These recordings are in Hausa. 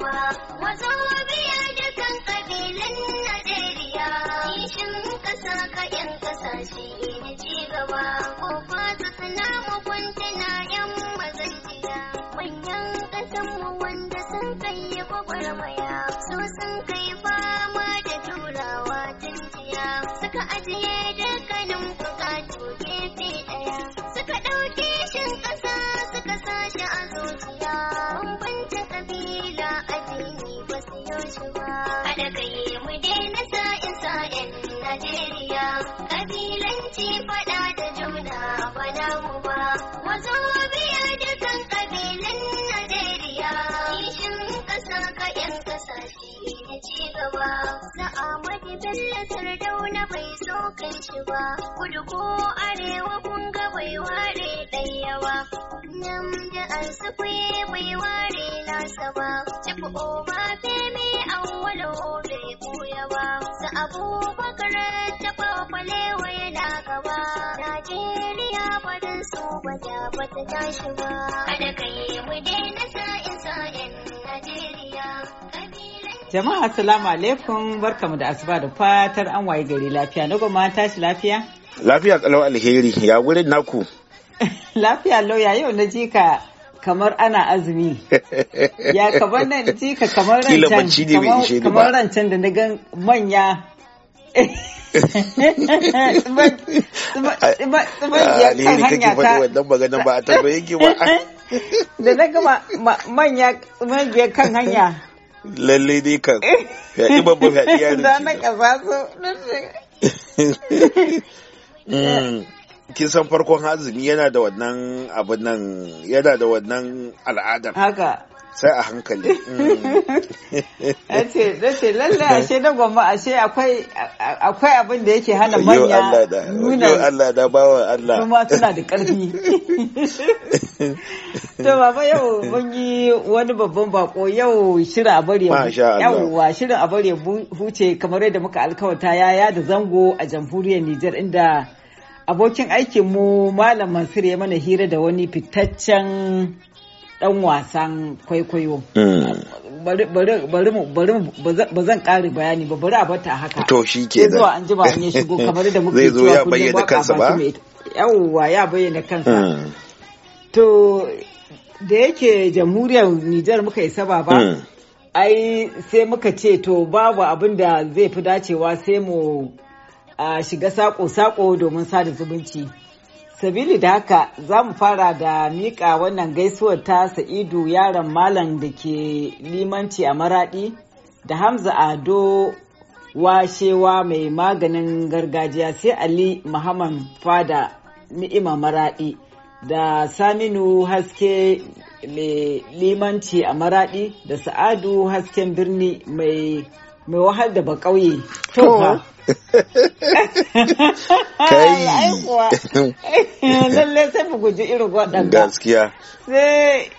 uba wazo biya dukan kabilan Najeriya kishin kasa ka yan kasashe ne ci su ba. Haɗa kai mu daina sa'in sa'in Najeriya, Kabilanci faɗa da juna ba mu ba. Wazo biya da kan ƙabilan Najeriya, kishin ƙasa ka ‘yan ƙasashe na ci gaba. Sa'amadi Bello Sardauna kai shi ba kudu ko arewa kun ga bai ware ɗaya yawa nan da bai ware nasa ba cikin oma feme an walo bai koya ba sa abubakar ta kwakwalewa yana gaba najeriya barin su ba da bata tashi ba kada kai mu daina sa'in sa'in najeriya Jama'a assalamu alaikum barkamu da asuba da fatar an waye gari lafiya na goma tashi lafiya? Lafiya kalau alheri ya wurin naku. lafiya lauya yau na ji ka kamar ana azumi. Ya kamar nan ji ka kamar rancen kamar rancen da na gan manya. Alheri kake faɗi wannan maganan ba a tambaye ki ba. Da na gama manya kan hanya. lalle dai ka fyaɗi babba fyaɗi yaron ki na su mm. kin san farkon azumi yana da wannan abin nan yana da wannan al'adar haka sai a hankali ce lalle ashe na gwamma ashe akwai abin da yake hana manya nuna Allah da bawa Allah kuma suna da ƙarfi. to baba yau mun yi wani babban bako yau shirin a bari yawwa shirin a bari huce kamar yadda muka alkawarta ya yada zango a jamhuriyar Nijar inda abokin aikinmu malam Mansur ya mana hira da wani fitaccen dan wasan kwaikwayo hmm. ba zan kare bayani ba bari a bata haka to shi ke zuwa an ji ba an shigo kamar da muke cewa ya bayyana kansa ba yawwa ya bayyana kansa to da yake jamhuriyar Nijar muka isa ba ba hmm. ai sai muka ce to babu abin da zai fi dacewa sai mu shiga sako-sako domin sada zumunci. Sabili da haka za mu fara da miƙa wannan gaisuwar ta Sa'idu yaron Malam da ke limanci a Maraɗi da Hamza Ado washewa mai maganin gargajiya sai Ali Muhammad Fada ni'ima Maraɗi da Saminu Haske mai limanci a Maraɗi da Sa'adu Hasken Birni mai mai wahal da bakauye to ba kai lallai sai mu guji irin waɗanda gaskiya sai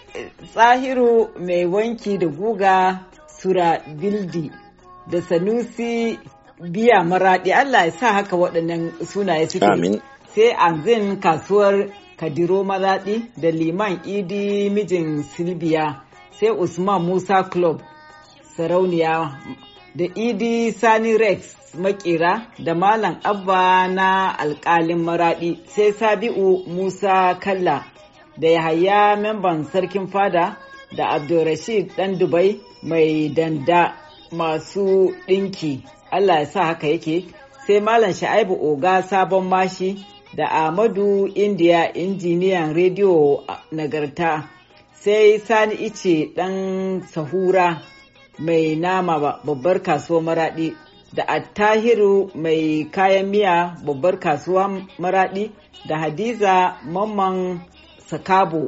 tsahiru mai wanki da guga sura bildi da sanusi biya maraɗi Allah ya sa haka waɗannan sunaye suke amin sai anzin kasuwar kadiro maraɗi da liman idi mijin silbiya sai usman musa club sarauniya da idi sani rex makera da malam abba na alkalin maradi sai sabi'u musa kalla da yahaya memban sarkin fada da abdulrashid dan dubai mai danda masu ɗinki allah ya sa haka yake sai malam sha'ibu oga sabon mashi da ahmadu India injiniyan rediyo nagarta sai sani ice dan sahura mai nama babbar kasuwar maraɗi da attahiru mai kayan miya babbar kasuwa maraɗi da hadiza mamman sakabo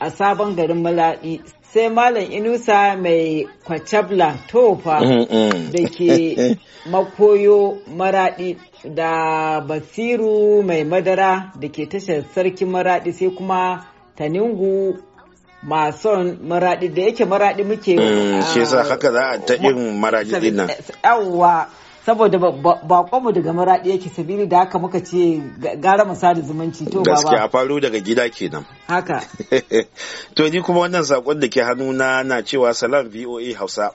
a sabon garin maradi sai malam inusa mai kwacabla tofa mm, mm. da ke makoyo maraɗi da basiru mai madara da ke tashar sarki maraɗi sai kuma taningu mason maradi da yake maradi muke eh, ah, shi yasa haka za a ta yin maradi dinnan. Eh, yawwa saboda bakonmu daga maradi yake sabili da haka muka ce gara mu zumunci to baba gaskiya a faru daga gida kenan haka to ni kuma wannan sakon da ke hannuna na cewa salam VOA Hausa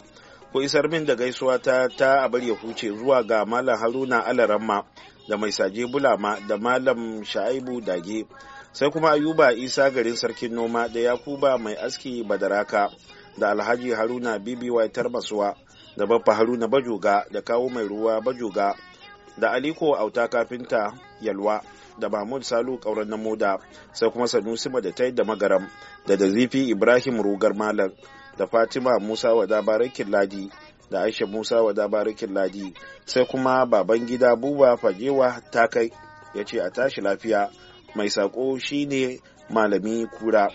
ko isar min da gaisuwa ta ta abar ya huce zuwa ga malam Haruna Alaramma da mai saje bulama da malam Shaibu Dage sai kuma ayuba isa garin sarkin noma da yakuba mai aski badaraka da alhaji haruna bibiwai tarmasuwa da baffa haruna bajoga da kawo mai ruwa bajoga da aliko auta kafinta yalwa da mahmud salu kauran na moda sai kuma sanusi tai da magaram da da zifi ibrahim rugar malam da fatima musa wa dabarakin ladi da aisha musa wa dabarakin ladi sai kuma baban gida buba fajewa ta kai ya ce a tashi lafiya mai sako shine malami kura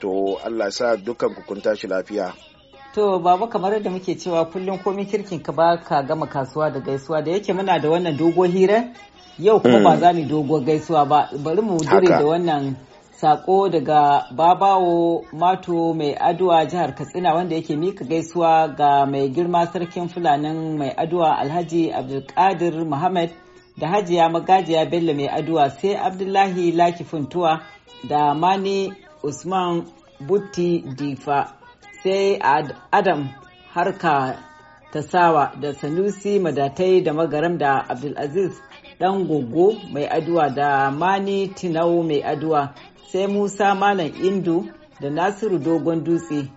to allah sa dukkan kukunta shi lafiya to babu kamar yadda muke cewa kullum komi kirkin ka ba ka gama kasuwa da gaisuwa da yake muna da wannan dogo hira yau kuma ba hmm. za ni dogo gaisuwa ba bari mu dire da wannan sako daga babawo mato mai aduwa jihar katsina wanda yake mika gaisuwa ga mai girma sarkin fulanin mai aduwa alhaji abdulkadir muhammad da hajiya magajiya bello mai aduwa sai abdullahi laki funtuwa da mani usman butti difa sai adam harka ta sawa da sanusi madatai da magaram da abdulaziz dan gogo mai aduwa da mani tinau mai aduwa sai musa malam indu da nasiru dogon dutse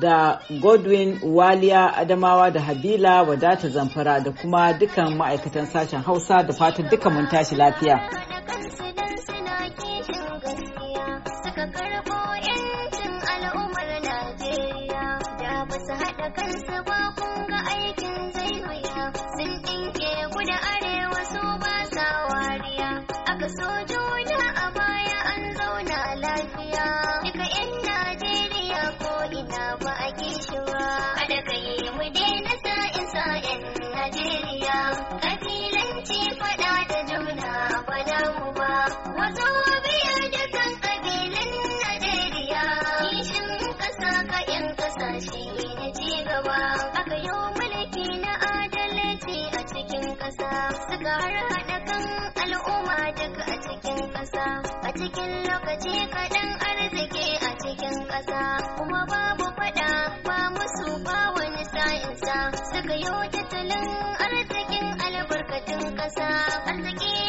da godwin waliya adamawa da habila wadata zamfara da kuma dukan ma'aikatan sashen hausa da fatan duka mun tashi lafiya kansu ba kun ga iyayensa suka yi tattalin arzikin albarkatun ƙasa arziki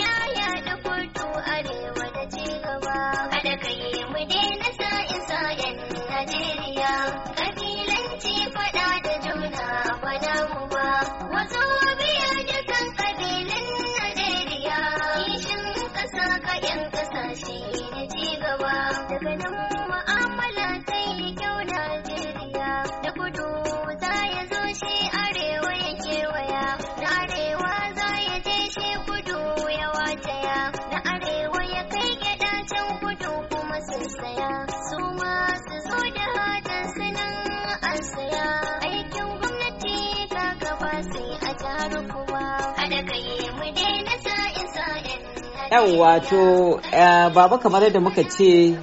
Yau wato eh, baba kamar yadda muka ce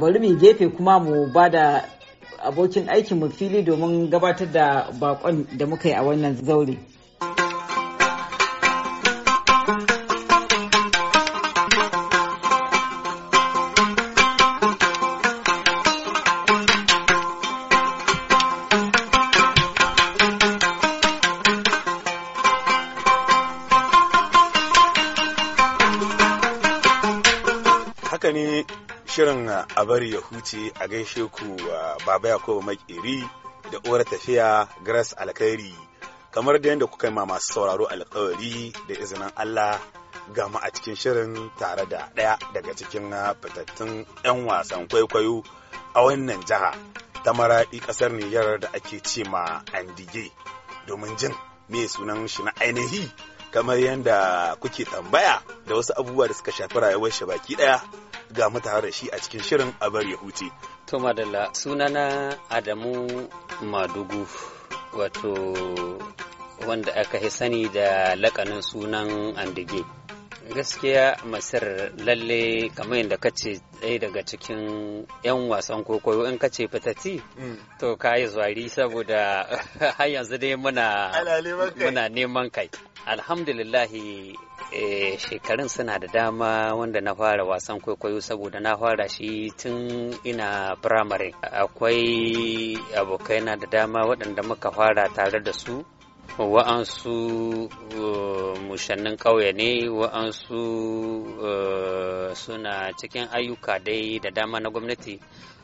bari mu gefe kuma mu ba da abokin aikin mu fili domin gabatar da bakon da muka yi a wannan zaure. a bari ya huce a gaishe ku uh, baba yakubu makeri da uwar tafiya grace alkhairi kamar da yadda kuka yi ma masu sauraro alkawari da izinin allah gama a cikin shirin tare da ɗaya daga cikin uh, fitattun 'yan wasan kwaikwayo a wannan jiha ta maraɗi ƙasar Nijar da ake ce ma Andige domin jin me sunan shi na ainihi kamar yadda kuke tambaya da wasu abubuwa da suka shafi rayuwar shi baki ɗaya ga mu da shi a cikin shirin a bar ya huce to madalla sunana adamu madugu wato wanda aka yi sani da lakanin sunan andige gaskiya masar lalle kamar yadda ka ce ɗaya daga cikin 'yan wasan kokoyo in ka ce fitati mm. to ka yi zuwari saboda har yanzu dai muna neman kai alhamdulillahi Eh, shekarun suna da dama wanda na fara wasan kwaikwayo saboda na fara shi tun ina firamare akwai abokai na da dama waɗanda muka fara tare da su wa'ansu eh, mushannin kauye ne wa'ansu eh, suna cikin ayyuka dai da dama na gwamnati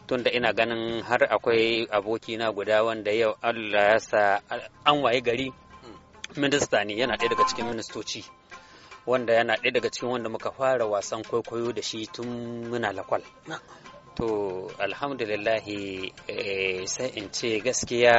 tunda ina ganin har akwai abokina guda wanda yau allah ya sa an waye gari hmm. minista ne yana ɗaya daga cikin ministoci wanda yana ɗaya daga cikin wanda muka fara wasan kwaikwayo da shi tun muna lakwal to lillahi eh, sai in ce gaskiya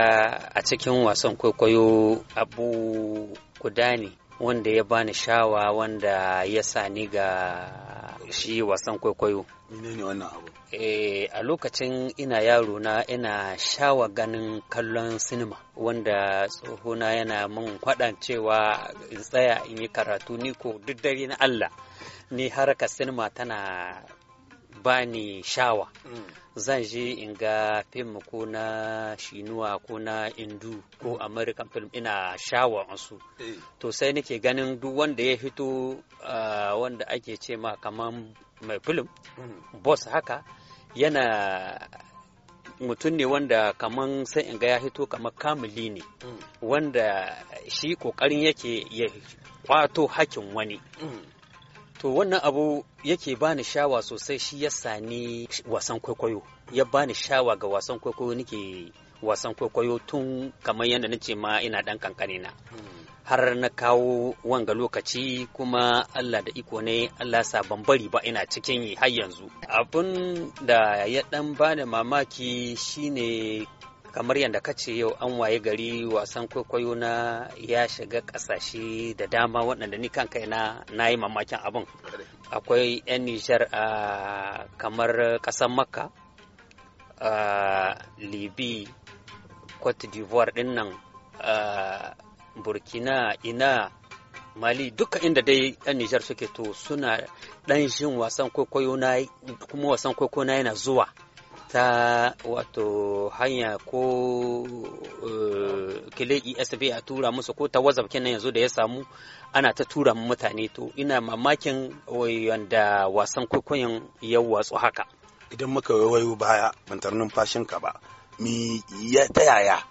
a cikin wasan kwaikwayo abu guda ne wanda ya bani shawa wanda ya sa ni ga shi wasan kwaikwayo menene wannan abu eh, a lokacin ina yaro na ina shawa ganin kallon sinima wanda tsohona yana min kwaɗan cewa in tsaya in yi karatu ni ko duk dare na Allah ni haraka sinima tana bani shawa mm. zan je in ga fim ko na shinuwa ko na indu ko american film ina shawa su eh. to sai nake ganin duk wanda ya hito wanda ake ce ma kaman mai film hmm. boss haka yana mutum ne wanda kaman sai in ga ya hito kamar kamuli ne hmm. wanda shi kokarin yake ya kwato hakin wani hmm. to wannan abu yake bani shawa sosai shi ya sani wasan kwaikwayo ya bani shawa ga wasan kwaikwayo nake wasan kwaikwayo tun kamar yadda na ce ma ina dan kankane na har na kawo wanga lokaci kuma Allah da iko ne Allah sa ban bari ba ina cikin yi har yanzu abin da ya dan bani mamaki shine kamar yadda ka ce yau an waye gari wasan kwaikwayo na ya shiga kasashe da dama waɗanda ni kanka na na yi mamakin abin akwai 'yan nijar a kamar ƙasar makka a libi cote d'ivoire ɗin nan burkina ina mali duka inda dai 'yan nijar suke to suna ɗan shin wasan kwaikwayo na kuma wasan kwaikwayo na yana zuwa ta wato hanya ko eh, kilegi sba a tura musu ko ta wazaf kenan yanzu da ya samu ana ta tura mu mutane to ina mamakin wanda wasan kwaikwayon ya watsu haka idan muka wayo baya bantar numfashinka ba mi ya ta yaya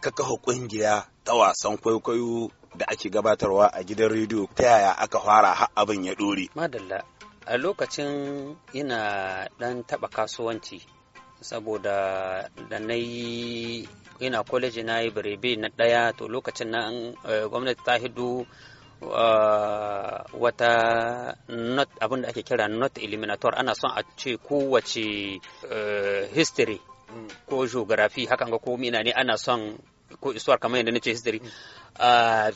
ka kafa kungiya ta wasan kwaikwayo da ake gabatarwa a gidan rediyo ta yaya aka fara har abin ya dore madalla a lokacin ina dan taba kasuwanci saboda da na yi ina kwaleji na yi birebe na ɗaya to lokacin na eh, gwamnati ta hidu ah, wata abinda ake kira not eliminator ana son a ce kowace eh, history ko geography hakan ga ko mina ne ana son ko isuwar kamar yadda na ce history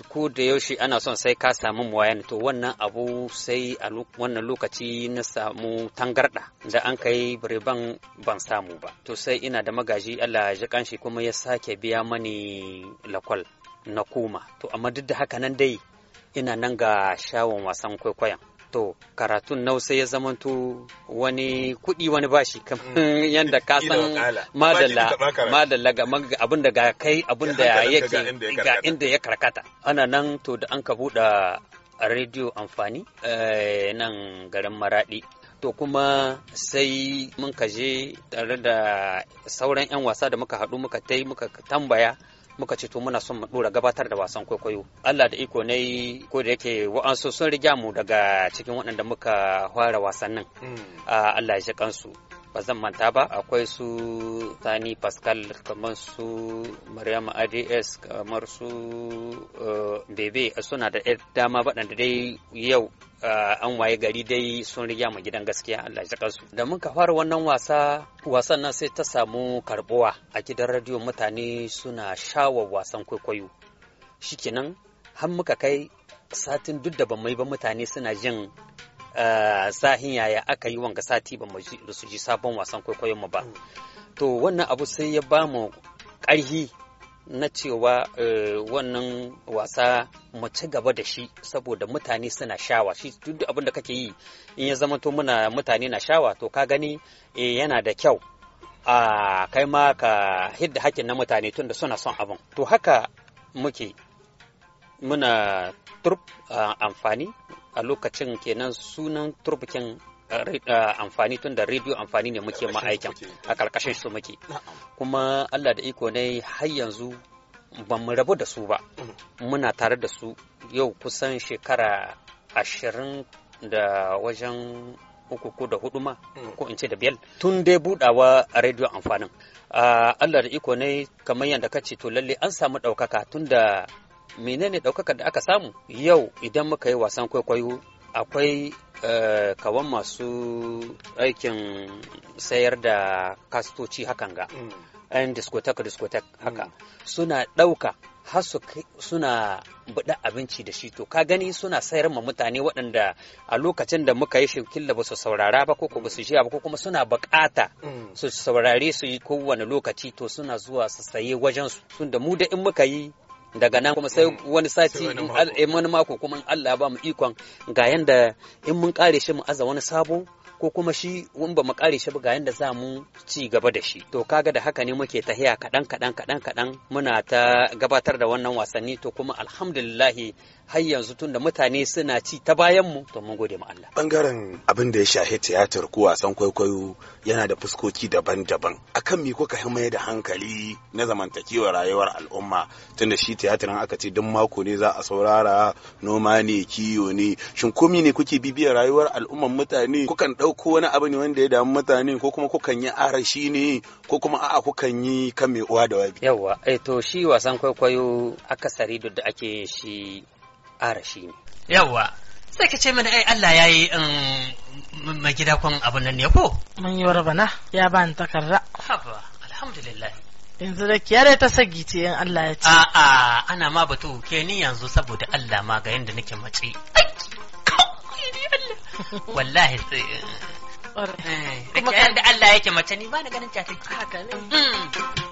ko da yaushe ana son sai ka samu muwayan to wannan abu sai a wannan lokaci na samu tangarda da an kai bireban ban samu ba to sai ina da magaji Allah ya kanshi kuma ya sake biya mani lakwal na koma to amma duk da haka nan dai ina nan ga shawon wasan kwaikwayon to karatun sai ya zamanto wani kuɗi wani bashi mm. kamar yadda ka san madalla madalla ga abin da ga kai abin da yake ga inda ya karkata ana nan to da an ka buɗe rediyo amfani eh, nan garin maraɗi to kuma sai mun ka je tare da sauran 'yan wasa da muka haɗu muka yi muka tambaya muka ce to muna son mu dora gabatar da wasan kwaikwayo Allah da iko ne ko da yake wa'ansu sun riga mu daga cikin waɗanda muka fara wasannin hmm. ah, Allah ya shi kansu ba zan manta ba akwai su sani pascal kamar su maryama ads kamar su eh, bebe suna da dama waɗanda dai yau eh, an waye gari dai sun riga mu gidan gaskiya Allah ya su da muka fara wannan wasa wasan nan sai ta samu karbuwa a gidan radiyo mutane suna shawar wasan kwaikwayo shi shikenan har muka kai satin duk da ban mai ba mutane suna jin Eh, sahin yaya aka yi wanga sati ba mu ji sabon wasan kwaikwayon mu ba mm. to wannan abu sai ya ba mu ƙarhi na cewa eh, wannan wasa mu ci gaba da shi saboda mutane suna shawa shi duk abin da kake yi in ya zama to muna mutane na shawa to ka gani eh, yana da kyau a kai ma ka hidda hakkin na mutane tunda suna son abin to haka muke muna turp amfani a lokacin kenan sunan turbikin eh, eh, amfani tun da rediyo amfani ne muke ma'aikin a karkashin su muke kuma allah da iko ne har yanzu ba mu rabu da su ba mm. muna tare da su yau kusan shekara ashirin da wajen uku ko da hudu ma mm. ko in ce da biyar tun dai budawa a rediyo amfanin ah, allah da iko ne kamar yadda ka ce to lalle an samu ɗaukaka tun da menene ɗaukakar da aka samu yau idan muka yi wasan kwaikwayo akwai eh, kawan masu aikin sayar da kastoci hakan ga mm. yan diskotek diskotek haka mm. suna ɗauka har suna buɗa abinci da shi to ka gani suna sayar ma mutane waɗanda a lokacin da muka yi shirkin da ba su saurara ba ko ko su ji ba ko kuma suna bukata mm. su saurare su yi kowane lokaci to suna zuwa su saye wajen su tunda mu da in muka yi daga nan kuma sai mm. wani sati in eh, wani mako kuma in Allah ba mu ikon ga yanda in mun kare shi mu aza wani sabo ko kuma shi in ba mu kare shi ba ga yanda za mu ci gaba da shi to kaga da haka ne muke tahiya kaɗan kaɗan kaɗan kaɗan muna ta gabatar da wannan wasanni to kuma alhamdulillahi har yanzu tunda mutane suna ci ta bayan mu to mun gode ma Allah bangaren abin da ya shahe tiyatar ko wasan kwaikwayo yana da fuskoki daban-daban akan me kuka himaye da hankali na zamantakewa rayuwar al'umma tunda shi tiyatarin aka ce duk mako ne za a saurara noma ne kiyo ne shin komi ne kuke bibiya rayuwar al'umman mutane kukan ɗauko wani abu ne wanda ya damu mutane ko kuma kukan yi arashi ne ko kuma a'a kukan yi kan mai uwa da wabi Yawwa, eh to shi wasan kwaikwayo akasari duk da ake shi shi ne Yawwa, sai ka ce mana ai Allah ya yi in um, magida kun abin nan ne ko mun yi na. ya ba ni takarda haba alhamdulillah yanzu da yare ta sagi ce in Allah ya ce a'a ana ma batu ke ni yanzu saboda Allah ma ga yadda nake mace wallahi eh. Eh, kuma kan da Allah yake mace ni ba ni ganin ta haka ne mm.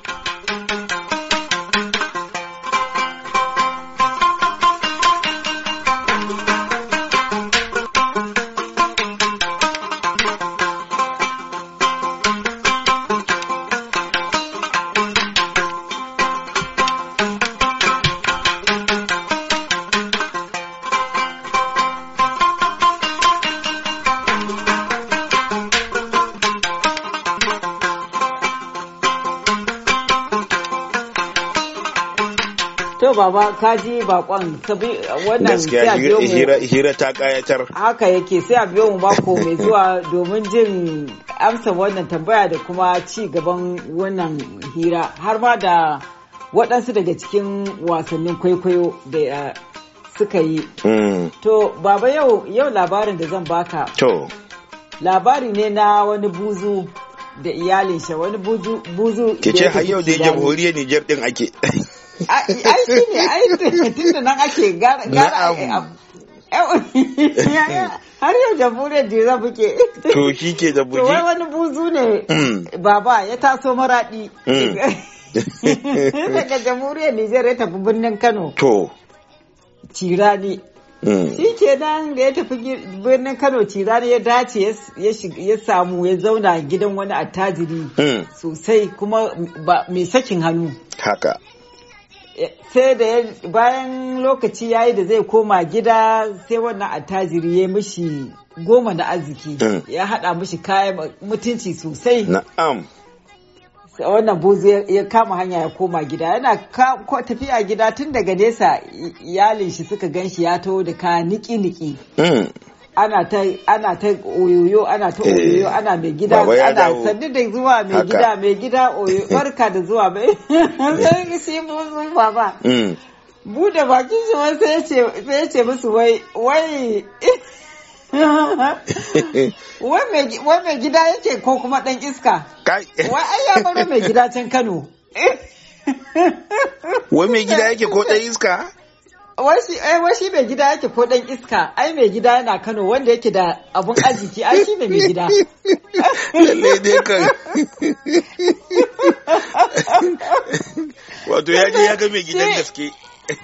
baba kaji bakon sabi wannan sai a biyo mu haka yake sai a biyo mu mako mai zuwa domin jin amsa wannan tambaya da kuma ci gaban wannan hira har ma da waɗansu daga cikin wasannin kwaikwayo da eh, suka yi mm. to baba yau yau labarin da zan baka to labari ne na wani buzu da iyalin sha wani buzu buzu ke ce har yau da jamhuriyar Nijar din ake ai shi ne ai tun da nan ake gara eh, har yau jamhuriyar jira muke to shi ke da buji wai wani buzu ne mm. baba ya taso maraɗi mm. daga jamhuriyar nijar ya tafi birnin kano to cirani mm. shi ke nan da ya tafi birnin kano cirani ya dace ya samu ya zauna gidan wani attajiri sosai kuma mai sakin hannu haka sai da bayan lokaci ya yi da zai koma gida sai wannan attajiri ya mishi goma na arziki mm. ya hada mishi kayan mutunci sosai wannan buzu ya kama hanya ya koma gida yana tafiya gida tun daga nesa iyalin shi suka gan shi ya taho da ka niki-niki mm. ana ta ana ta oyoyo ana ta eh. oyoyo ana mai gida ana sanni da zuwa mai gida mai gida oyoyo barka da zuwa bai sai sai mun baba mm. bude bakin shi wai sai ce sai ce musu wai wai wai mai gida yake ko kuma dan iska wai ai ya bar mai gida can Kano wai mai gida yake ko dan iska Eh, wai shi mai gida yake ko dan iska ai mai gida yana kano wanda yake da abun arziki ai shi ne mai gida lalle dai kan wato ya je ya ga mai gidan gaske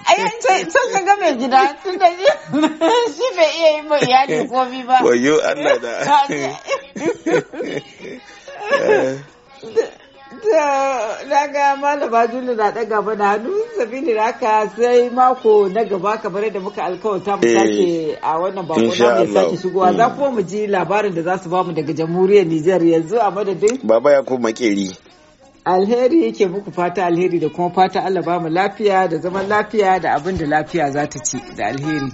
ai can ga mai gida tun da shi bai iya yi ma iyali komi ba wayo Allah da na ga malama juli na ɗaga mana hannu Sabini da haka sai mako na gaba kamar da muka alkawarta mu eh, sake a wannan bako na mai sake shigowa za mm. kuwa mu ji labarin da za su bamu daga jamhuriyar Nijar yanzu a madadin baba ya ko makeri alheri yake muku fata alheri da kuma fata Allah ba mu lafiya da zaman lafiya da abin da lafiya za ta ci da alheri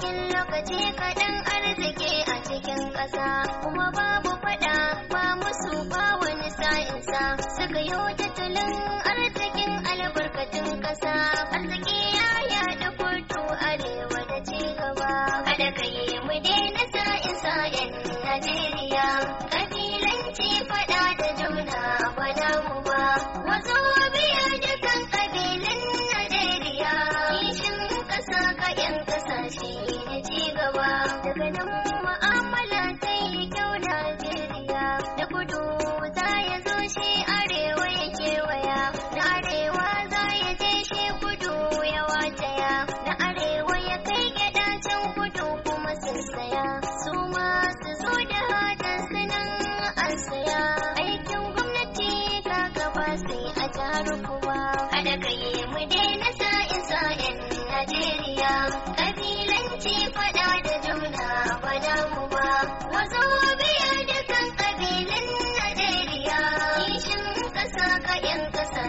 cikin lokaci kaɗan arziki a cikin ƙasa kuma babu faɗa ba musu ba wani sa'insa suka yi tattalin arzikin albarkatun ƙasa arziki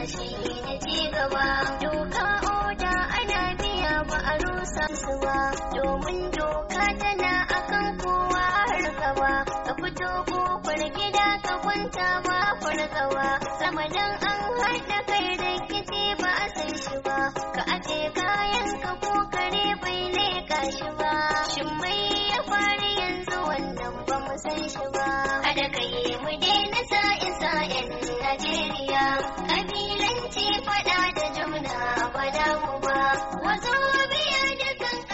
shi ne ci gaba doka oda ana biya ba a rusa ba domin doka tana akan kowa har gaba ka fito kofar gida ka kwanta ba fargawa sama dan an haɗa kai rikici ba a san ba ka aje kayan ka ko kare bai leka shi ba shin mai ya fari yanzu wannan ba mu san shi ba A ka yi mu daina sa'in sa'in kuma wasu biya da kan